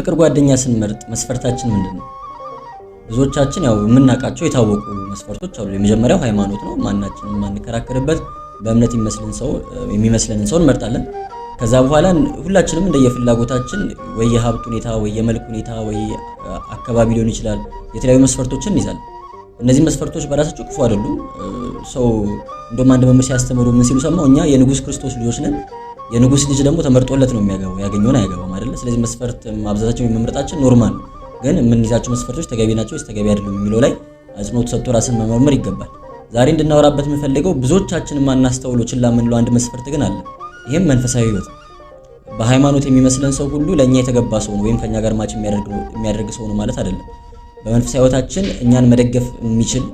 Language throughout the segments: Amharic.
የፍቅር ጓደኛ ስንመርጥ መስፈርታችን ምንድን ነው? ብዙዎቻችን ያው የምናውቃቸው የታወቁ መስፈርቶች አሉ። የመጀመሪያው ሃይማኖት ነው። ማናችን የማንከራከርበት በእምነት የሚመስለንን ሰው እንመርጣለን። ከዛ በኋላ ሁላችንም እንደየፍላጎታችን ወይ የሀብት ሁኔታ ወይ የመልክ ሁኔታ ወይ አካባቢ ሊሆን ይችላል የተለያዩ መስፈርቶችን እንይዛለን። እነዚህ መስፈርቶች በራሳቸው ክፉ አይደሉም። ሰው እንደውም አንድ መምህር ሲያስተምሩ ምን ሲሉ ሰማው፣ እኛ የንጉስ ክርስቶስ ልጆች ነን የንጉስ ልጅ ደግሞ ተመርጦለት ነው የሚያገባው፣ ያገኘውን አያገባም አይደለ? ስለዚህ መስፈርት ማብዛታቸው የመምረጣችን ኖርማል ነው። ግን የምንይዛቸው መስፈርቶች ተገቢ ናቸው ወይስ ተገቢ አይደሉም የሚለው ላይ አጽንኦት ሰጥቶ ራስን መመርመር ይገባል። ዛሬ እንድናወራበት የምፈልገው ብዙዎቻችን ማናስተውሎ ችላ የምንለው አንድ መስፈርት ግን አለ። ይህም መንፈሳዊ ህይወት በሃይማኖት የሚመስለን ሰው ሁሉ ለእኛ የተገባ ሰው ነው ወይም ከእኛ ጋር ማች የሚያደርግ ሰው ነው ማለት አይደለም። በመንፈሳዊ ህይወታችን እኛን መደገፍ የሚችል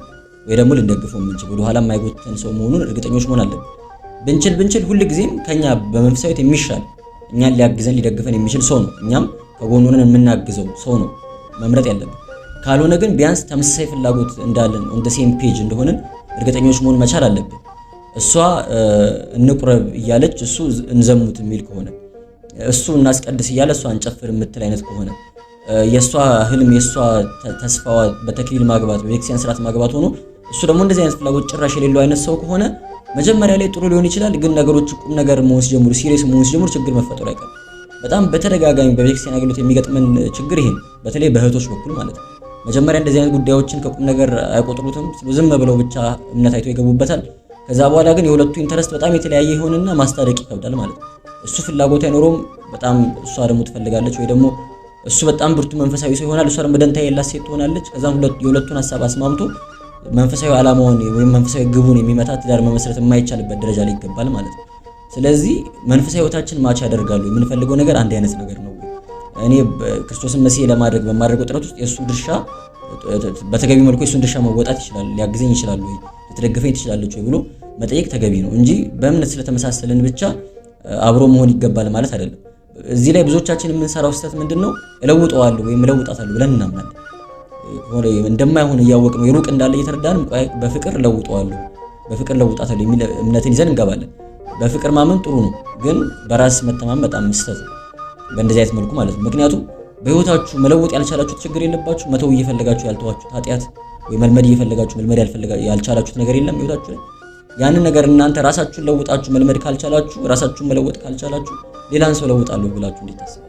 ወይ ደግሞ ልንደግፈው የምንችል ወደኋላ የማይጎተን ሰው መሆኑን እርግጠኞች መሆን አለብን። ብንችል ብንችል ጊዜም ከኛ በመንፈሳዊት የሚሻል እኛን ሊያግዘን ሊደግፈን የሚችል ሰው ነው። እኛም ከጎኑ ሆነን የምናግዘው ሰው ነው መምረጥ ያለብን። ካልሆነ ግን ቢያንስ ተመሳሳይ ፍላጎት እንዳለን ኦን ደ ሴም ፔጅ እንደሆንን እርግጠኞች መሆን መቻል አለብን። እሷ እንቁረብ እያለች እሱ እንዘሙት የሚል ከሆነ እሱ እናስቀድስ እያለ እሷ እንጨፍር የምትል አይነት ከሆነ የእሷ ህልም የእሷ ተስፋዋ በተክሊል ማግባት በቤተክርስቲያን ስርዓት ማግባት ሆኖ እሱ ደግሞ እንደዚህ አይነት ፍላጎት ጭራሽ የሌለው አይነት ሰው ከሆነ መጀመሪያ ላይ ጥሩ ሊሆን ይችላል፣ ግን ነገሮች ቁም ነገር መሆን ሲጀምሩ፣ ሲሪየስ መሆን ሲጀምሩ ችግር መፈጠሩ አይቀርም። በጣም በተደጋጋሚ በቤተክርስቲያን አገልግሎት የሚገጥመን ችግር ይሄ ነው። በተለይ በእህቶች በኩል ማለት ነው። መጀመሪያ እንደዚህ አይነት ጉዳዮችን ከቁም ነገር አይቆጥሩትም። ዝም ብለው ብቻ እምነት አይቶ ይገቡበታል። ከዛ በኋላ ግን የሁለቱ ኢንተረስት በጣም የተለያየ ይሆንና ማስታረቅ ይከብዳል ማለት ነው። እሱ ፍላጎት አይኖረውም በጣም እሷ ደግሞ ትፈልጋለች፣ ወይ ደግሞ እሱ በጣም ብርቱ መንፈሳዊ ሰው ይሆናል፣ እሷ ደግሞ ደንታ የላት ሴት ትሆናለች። ከዛም የሁለቱን ሀሳብ አስማምቶ መንፈሳዊ ዓላማውን ወይም መንፈሳዊ ግቡን የሚመታ ትዳር መመስረት የማይቻልበት ደረጃ ላይ ይገባል ማለት ነው። ስለዚህ መንፈሳዊ ህይወታችን ማች ያደርጋሉ። የምንፈልገው ነገር አንድ አይነት ነገር ነው። እኔ ክርስቶስን መሲሄ ለማድረግ በማድረገው ጥረት ውስጥ የእሱ ድርሻ በተገቢ መልኩ የእሱን ድርሻ መወጣት ይችላል፣ ሊያግዘኝ ይችላል ወይ ልትደግፈኝ ትችላለች ወይ ብሎ መጠየቅ ተገቢ ነው እንጂ በእምነት ስለተመሳሰልን ብቻ አብሮ መሆን ይገባል ማለት አይደለም። እዚህ ላይ ብዙዎቻችን የምንሰራው ስህተት ምንድን ነው? እለውጠዋለሁ ወይም እለውጣታለሁ ብለን እናምናለን። ሆነ እንደማይሆን እያወቅ ነው የሩቅ እንዳለ እየተረዳን በፍቅር ለውጠዋለሁ በፍቅር ለውጣታለሁ የሚል እምነትን ይዘን እንገባለን። በፍቅር ማመን ጥሩ ነው፣ ግን በራስ መተማመን በጣም ስህተት በእንደዚህ አይነት መልኩ ማለት ነው። ምክንያቱም በህይወታችሁ መለወጥ ያልቻላችሁት ችግር የለባችሁ፣ መተው እየፈለጋችሁ ያልተዋችሁት ኃጢአት ወይ መልመድ እየፈለጋችሁ መልመድ ያልቻላችሁት ነገር የለም ህይወታችሁ ላይ ያንን ነገር እናንተ ራሳችሁን ለውጣችሁ መልመድ ካልቻላችሁ፣ ራሳችሁን መለወጥ ካልቻላችሁ ሌላን ሰው ለውጣለሁ ብላችሁ እንዴት ታስባላችሁ?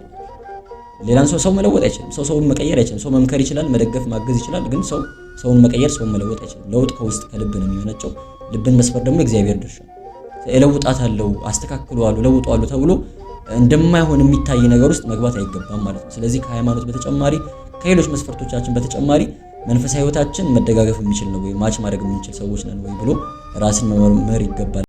ሌላን ሰው ሰው መለወጥ አይችልም። ሰው ሰውን መቀየር አይችልም። ሰው መምከር ይችላል፣ መደገፍ ማገዝ ይችላል። ግን ሰው ሰውን መቀየር ሰውን መለወጥ አይችልም። ለውጥ ከውስጥ ከልብ ነው የሚመነጨው። ልብን መስበር ደግሞ እግዚአብሔር ድርሻ ለውጣት አለው አስተካክሉ አሉ ለውጡ ተብሎ እንደማይሆን የሚታይ ነገር ውስጥ መግባት አይገባም ማለት ነው። ስለዚህ ከሃይማኖት በተጨማሪ ከሌሎች መስፈርቶቻችን በተጨማሪ መንፈሳዊ ህይወታችን መደጋገፍ የሚችል ነው ወይ ማች ማድረግ የምንችል ሰዎች ነን ወይ ብሎ ራስን መመርመር ይገባል።